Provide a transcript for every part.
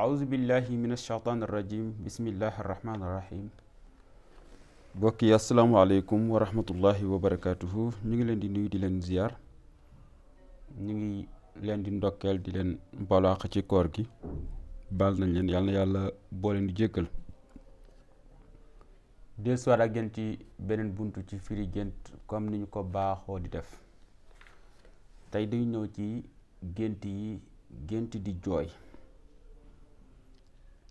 auzu billahi min ashaytaan irrajim bismillahi arrahmaan irrahim mbokk yi asalaamaaleykum wa rahmatullahi wa barakatuhu ñu ngi leen di nuyu di leen ziar ñu ngi leen di ndokkeel di leen balaax ci koor gi baal nañ leen yàlla yàlla boo leen di jéggal del soir ak gént yi beneen bunt ci firi gént comme ni ñu ko baaxoo di def tey di ñëw ci gént yi gént di jooy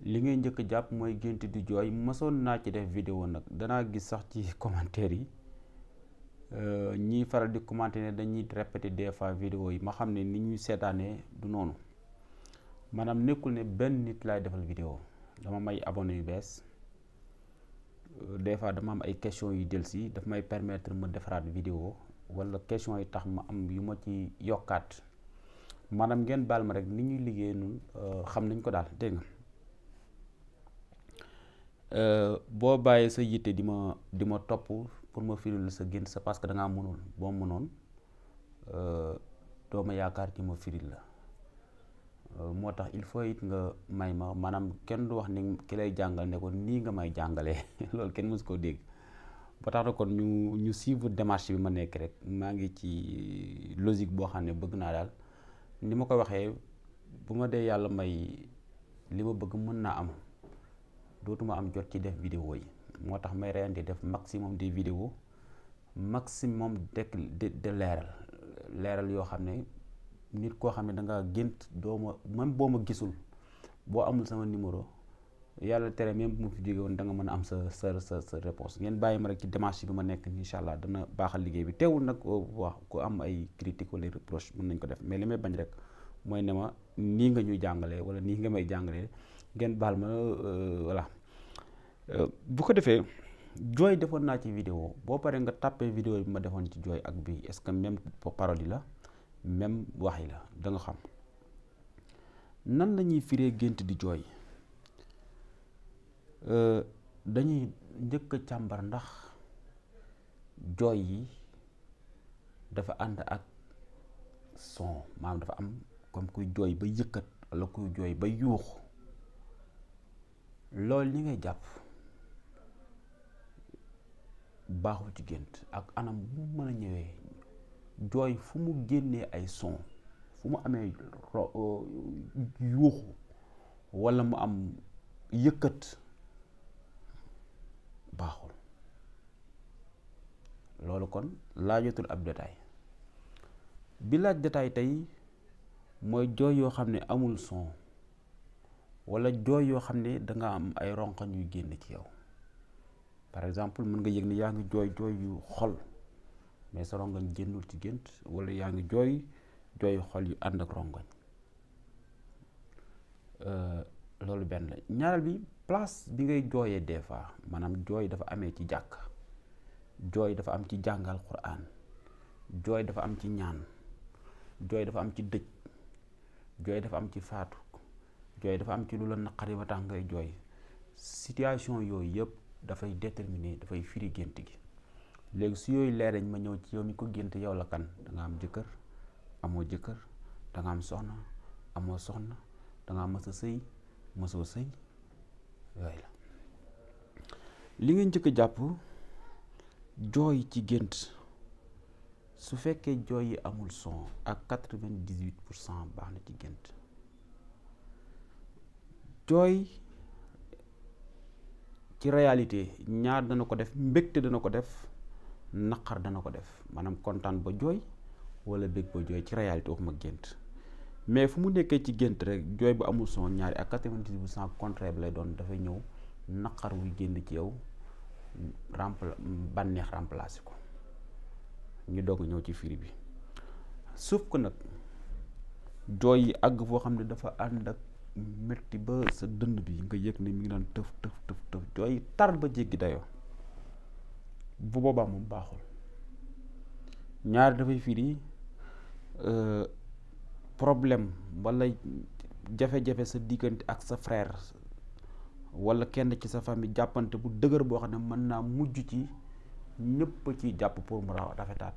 li ngay njëkk jàpp mooy génte di jooy masoon naa ci def vidéo nag danaa gis sax ci commentaire yi euh, ñiy faral di commenter ne dañuy répéter des fois vidéo yi ma xam ne ni ñuy seetaanee du noonu maanaam nekkul ne benn nit laay defal vidéo dama may abonné yu bees euh, des fois dama am ay questions yu dellusi daf may permettre ma defaraat vidéo wala question yi tax ma am yu ma ci yokkaat maanaam ngeen baal ma rek nit ñuy liggéey nun euh, xam nañ ko daal dégg nga Euh, boo bàyyi sa yitte di ma di ma topp pour ma firil sa gént sa parce que da mënul boo mënoon euh, doo ma yaakaar ci ma firil la euh, moo tax il faut it nga may ma maanaam kenn du wax ni ki lay jàngal ne ko nii nga may jàngalee loolu kenn mësu koo dégg ba tax na kon ñu ñu suivre démarche bi ma nekk rek maa ngi ci logique boo xam ne bëgg naa daal ni ma ko waxee bu ma dee yàlla may li ma bëgg mën naa am dootuma am jot ci def vidéo yi moo tax may reyante def maximum des vidéos maximum de de leeral leeral yoo xam ne nit koo xam ne da nga gént doo ma même boo ma gisul boo amul sama numéro yàlla tere même bu ma fi jóge woon da nga mën a am sa sa sa sa réponse ngeen bàyyi ma rek ci démarche bi ma nekk incha allah dana baaxal liggéey bi teewul nag oh, wax ku am ay critique wala reproche mën nañ ko def mais li may bañ rek mooy ne ma nii nga ñuy jàngalee wala nii nga may jàngalee ngeen baal ma euh, voilà bu ko defee jooy defoon naa ci vidéo boo paree nga tàppee vidéo bi ma defoon ci jooy ak bii est-ce que même parole la même wax yi la da xam nan la ñuy firee gént di jooy euh, dañuy njëkk càmbar ndax jooy yi dafa ànd ak son maanaam dafa am comme kuy jooy ba yëkkat walla kuy jooy ba yuux loolu li ngay jàpp baaxul ci gént ak anam bu mu mën a ñëwee jooy fu mu génnee ay son fu mu amee euh, yuuxu walla mu am yëkkat baaxul loolu kon laajatul ab détail bi laaj tey mooy jooy yoo xam ne amul son walla jooy yoo xam ne danga am ay ronqañ yu génn ci yow par exemple mun nga yëg ni yaa ngi jooy jooy yu xol mais sa rongoñ génnul ci gént wala yaa ngi jooy jooy xol yu ànd ak rongoñ euh, loolu benn la ñaareel bi place bi ngay jooyee des fois maanaam jooy dafa amee ci jàkk jooy dafa am ci jàngal Qur'an jooy dafa am ci ñaan jooy dafa am ci dëj jooy dafa am ci faatu jooy dafa am ci lu la naqari ba tax ngay jooy situation yooyu yëpp dafay déterminer dafay firi gént gi léegi su yooyu leerañ ma ñëw ci yow mi ko gént yow la kan da nga am jëkkër amoo jëkkër da nga am soxna amoo soxna da nga mës a sëy mësoo sëy yooyu la li nga njëkk a jàpp jooy ci gént su fekkee jooy yi amul son ak quatre-vingt-dix-huit pour cent baax na ci gént jooy ci réalité ñaar dana ko def mbégte dana ko def naqar dana ko def maanaam kontaan ba jooy wala bég ba jooy ci réalité waxuma gént mais fu mu nekkee ci gént rek jooy bu amul son ñaari ak quatre-vingt-dix pour cent bi lay doon dafay ñëw naqar wuy génn ci yow rempla bànneex remplacé ko ñu doog ñëw ci firi bi suuf ko nag jooy yi àgg foo xam ne dafa ànd ak metti ba sa dënn bi nga yëg ne mi ngi naan tëf tëf tëf tëf jooy tar ba jéggi dayoo bu boobaa mu baaxul ñaar dafay firi euh, problème wala jafe-jafe sa diggante ak sa frère wala kenn ci sa famille jàppante bu dëgër boo xam ne mën naa mujj ci ñëpp ciy jàpp pour mu rafetaat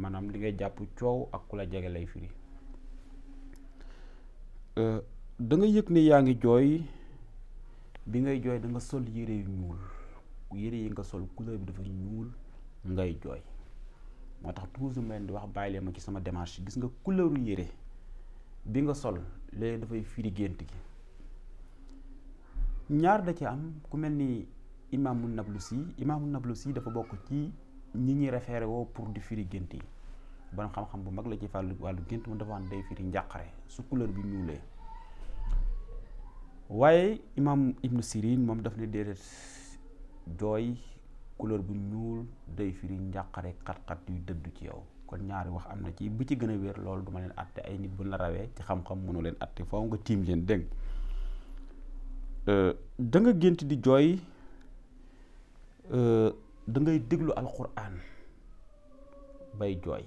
maanaam li ngay jàpp coow ak ku la jege lay firi Euh, da nga yëg ni yaa ngi jooy bi ngay jooy da nga sol yére yu ñuul yére yi nga sol couleur bi dafa ñuul ngay jooy moo tax toujours ma leen di wax bàyyi leen ma ci sama démarche gis nga couleuru yére bi nga sol léegi dafay firi gént gi ñaar da ci am ku mel ni imaamu Nablusi imaamu Nablusi dafa bokk ci ñi ñuy référé woo pour di firi gént yi borom xam-xam bu mag la ci wàllu gént mu dafa day firi njàqare su couleur bi ñuulee waaye imam ibnu sirin moom daf ne déedéet jooy couleur bu ñuul day firi njàqare xat-xat yu dëdd ci yow kon ñaari wax am na ci bu ci gën a wér loolu duma leen àtte ay nit bu la rawee ci xam-xam mënu leen àtte foo nga tiim leen dégg euh, da gént di jooy euh, dangay ngay déglu alquran bay jooy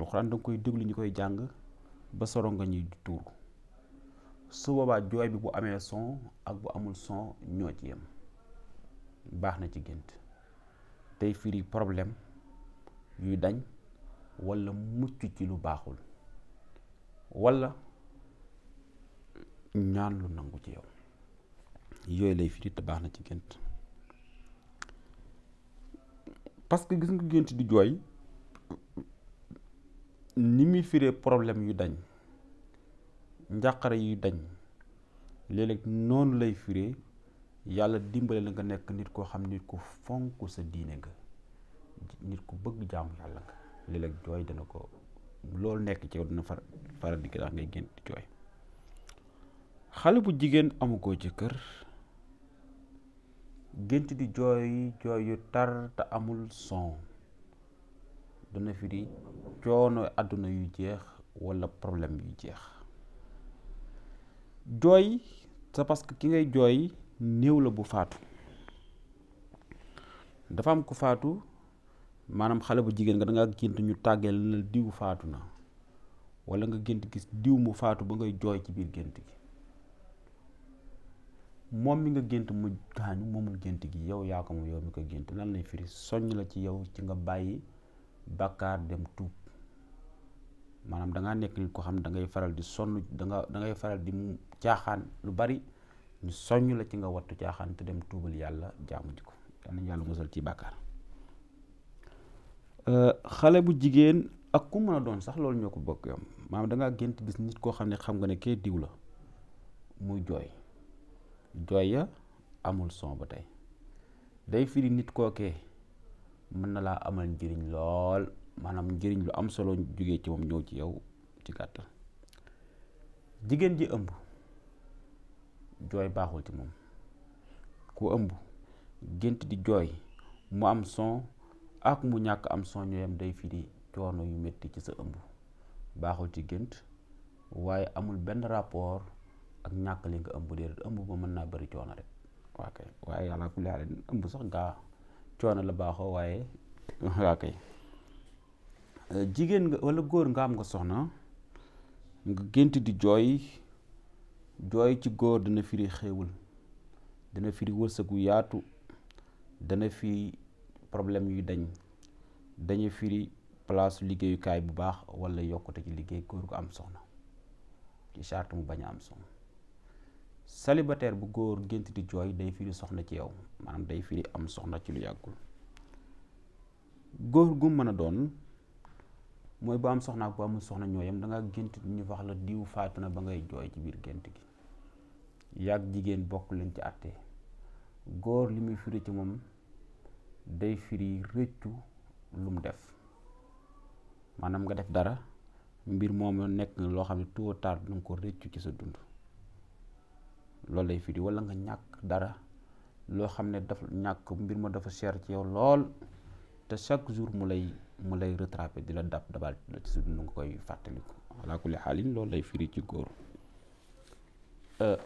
alxuraan da nga koy déglu ñu koy jàng ba soro nga ñuy tuur su boobaa jooy bi bu amee son ak bu amul son ñoo ci yam baax na ci gént tey firi problème yuy dañ walla mucc ci lu baaxul walla ñaan lu nangu ci yow yooyu lay firi te baax na ci gént parce que gis nga gént di jooy ni muy firee problème yu dañ njàqare yu dañ léeg noonu lay firee yàlla dimbale la nga nekk nit koo xam nit ku fonk sa diine nga nit ku bëgg jàmm yàlla nga léeg jooy dana ko loolu nekk ci dina far faral di tax ngay gént jooy xale bu jigéen amu koo ci kër gént di jooy jooy yu tar te amul son dana firi coono àdduna yu jeex wala problème yu jeex jooy c'est parce que ki ngay jooy néew la bu faatu dafa am ku faatu maanaam xale bu jigéen nga da ngaa gént ñu tàggeel na diw faatu na wala nga gént gis diw mu faatu ba ngay jooy ci biir gént gi moom mi nga gént mu gaañu moomul gént gi yow yaa ko mu yow mi ko gént lan lay firi soññ la ci yow ci nga bàyyi bàkkaar dem tuub maanaam da ngaa nekk nit koo xam ne da ngay faral di sonn da nga da faral di caaxaan lu bari ñu soññ la ci nga wattu caaxaan te dem tuubal yàlla jaamu ji ko yal nañu yàlla musal ci bàkkaar euh, xale bu jigéen ak ku mën a doon sax loolu ñoo ko bokk yom maanaam gént gis nit koo xam ne xam nga ne kee diw la muy jooy jooy ya amul son ba tey day firi nit kookee mën na laa amal njëriñ lool maanaam njëriñ lu am solo jógee ci moom ñëw ci yaw ci gàttal jigéen ji ëmb jooy baaxul ci moom ku ëmb gént di jooy mu am son ak mu ñàkk am son ñooyam day fi di coono yu metti ci sa ëmb baaxul ci gént waaye amul benn rapport ak ñàkk li nga ëmb déedéet ëmb ba mën naa bëri coono rek waa kay waaye yàlla ku leer ëmb sax gaa coono la baaxoo waaye waa kay jigéen nga walla góor nga am nga soxna nga gént di jooy jooy ci góor dana firi xéewal dana firi wërsëgu yaatu dana firi problème yu dañ dañu firi place liggéeyukaay bu baax walla yokkute ci liggéey góor gu am soxna ci charte mu bañ a am soxna célibataire bu góor gént di jooy day firi soxna ci yow maanaam day firi am soxna ci lu yàggul góor gu mën a doon mooy bu am soxna ak bu amul soxna ñoo yam da nga gént ñu wax la diw faatu na ba ngay jooy ci biir gént gi yàgg jigéen bokk leen ci àtte góor li muy firi ci moom day firi rëccu lu mu def maanaam nga def dara mbir moom nekk loo xam ne tôt ou tard danga ko rëccu ci sa dund loolu day firi walla nga ñàkk dara loo xam ne daf ñàkk mbir ma dafa cher ci yow lool te chaque jour mu lay mu lay rattraper di la dab dabal ci suuf nu nga koy fàttaliku ala kulli xaalin loolu lay firi ci góor euh,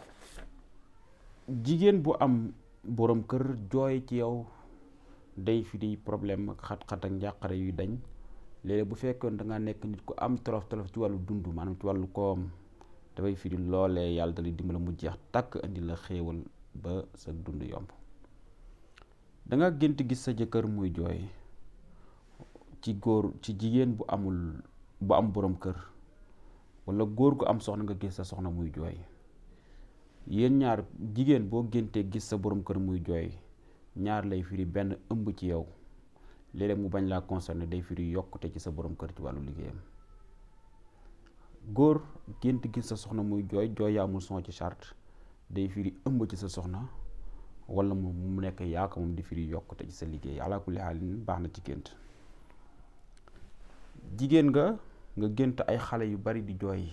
jigéen bu am boroom kër jooy ci yow day firi problème ak xat-xat ak njàqare yu dañ léeg bu fekkoon da nga nekk nit ku am tolof-tolof ci wàllu dund maanaam ci wàllu koom dafay firi loolee yàlla da lay dimbala mu jeex tàkk indi la xéewal ba sa dund yomb da gént gis sa jëkkër muy jooy ci góor ci jigéen bu amul bu am boroom kër walla góor gu am soxna nga gis sa soxna muy jooy yéen ñaar jigéen boo géntee gis sa borom kër muy jooy ñaar lay firi benn ëmb ci yow léeg mu bañ laa concerné day firi yokkute ci sa borom kër ci wàllu liggéeyam góor gént gis sa soxna muy jooy jooy yaa amul son ci chart day firi ëmb ci sa soxna wala moom mu nekk yaa ko moom di firi yokkute ci sa liggéey alaa kulli xaal baax na ci gént jigéen nga nga gént ay xale yu bari di jooy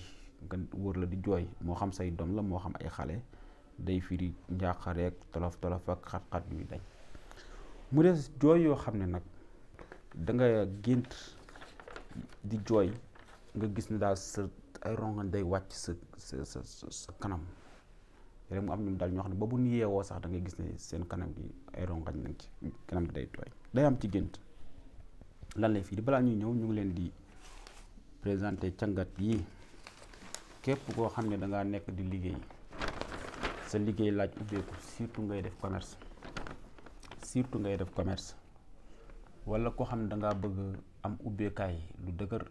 nga wër la di jooy moo xam say doom la moo xam ay xale day firi njàqareek tolof tolof ak xat-xat yuy dañ mu des jooy yoo xam ne nag danga nga gént di jooy nga gis ne daal sa ay rongañ day wàcc sa sa sa kanam rek mu am ñu daal ñoo xam ne ba bu ñu yeewoo sax dangay gis ne seen kanam gi ay rongañ nañ ci kanam gi day tooy day am ci gént lan lay firi balaa ñuy ñëw ñu ngi leen di présenter càngat yi képp koo xam ne da nekk di liggéey sa liggéey laaj ubbeeku surtout ngay def commerce surtout ngay def commerce wala koo xam ne da bëgg am ubbeekaay lu dëgër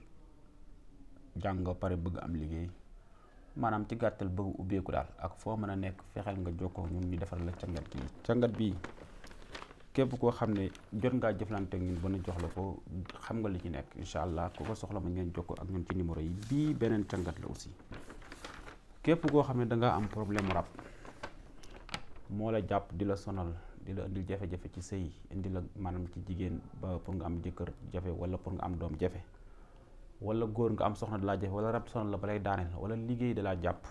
jàng nga pare bëgg am liggéey maanaam ci gàttal bëgg ubbeeku daal ak foo mën a nekk fexeel nga jokkoo ñun ñu defar la càngat yi càngat bii. képp koo xam ne jot ngaa jëflante ak ñun ba ñu jox la ko xam nga li ci nekk incha allah ku ko soxla ma ngeen jokkoo ak ñun ci numéro yi bii beneen càngat la aussi képp koo xam ne da ngaa am problème rab moo la jàpp di la sonal di la indil jafe-jafe ci sëy indi la maanaam ci jigéen ba pour nga am jëkkër jafe wala pour nga am doom jafe walla góor nga am soxna da laa jafe wala rab sonal la ba lay daaneel wala liggéey da laa jàpp.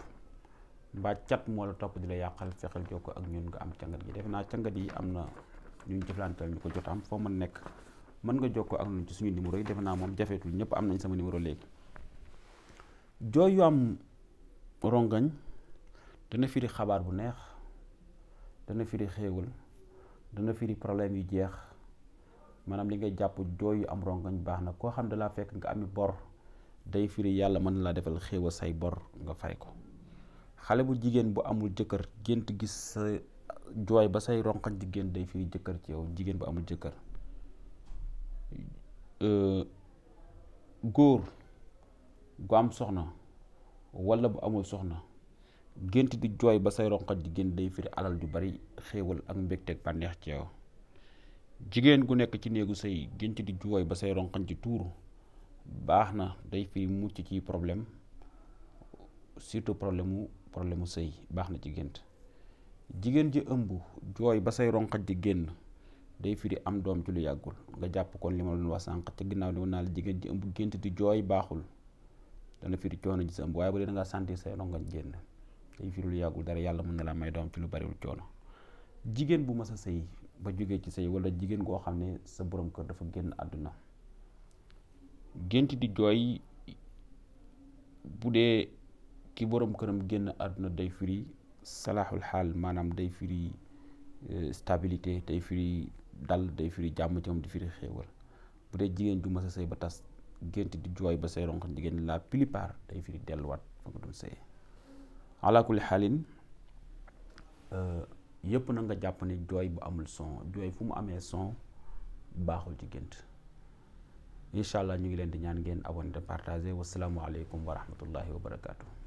mbaa cat moo la topp di la yàqal fexeel jokkoo ak ñun nga am càngat gi defe naa càngat yi am na ñu ñu jëflanteel ñu ko jot am foo mën nekk mën nga jokkoo ak ñun ci suñu numéro yi defe naa moom jafeetul ñëpp am nañ sama numéro léegi. jooy yu am rongañ dana firi xabaar bu neex dana firi xéewal dana firi problème yu jeex maanaam li ngay jàpp jooy yu am rongañ baax na koo xam ne dalaa fekk nga ami bor day firi yàlla mën na laa defal xéewal say bor nga fay ko xale bu jigéen bu amul jëkkër gént gis sa jooy ba say ronqañ jigéen day firi jëkkër ci yow jigéen bu amul jëkkër góor gu am soxna walla bu amul soxna gént di jooy ba say ronqañ jigéen day firi alal yu bari xéewal ak mbégteeg bànneex ci yow jigéen gu nekk ci néegu sëy gént di jooy ba say ronqañ ci tuuru baax na day firi mucc ci problème surtout problème problème mu sëy baax na ci gént jigéen ji ëmb jooy ba say ronqaj di génn day firi am doom ci lu yàggul nga jàpp kon li ma doon wax sànq te ginnaaw li naa la jigéen ji ëmb gént di jooy baaxul dana firi coono ji sa ëmb waaye bu dee da ngaa sentir say génn day firi lu yàggul dara yàlla mën na laa may doom ci lu bariwul coono jigéen bu mas a sëy ba jógee ci sëy walla jigéen goo xam ne sa borom kër dafa génn àdduna gént di jooy bu dee ki borom këram génn àdduna day firi salaaxul xaal maanaam day firi e, stabilité day firi dal day firi jàmm ci moom di firi xéewal bu dee jigéen ju mas a sëy ba tas gént di jooy ba say ronk jigéen la plupart day firi delluwaat fa nga doon sëyee ala kulli xaalin e, yëpp na nga jàpp ne jooy bu amul son jooy fu mu amee son baaxul ci gént incha ñu ngi leen di ñaan ngeen abonné te partagé wasalaamualeykum wa rahmatullahi wa barakaatu.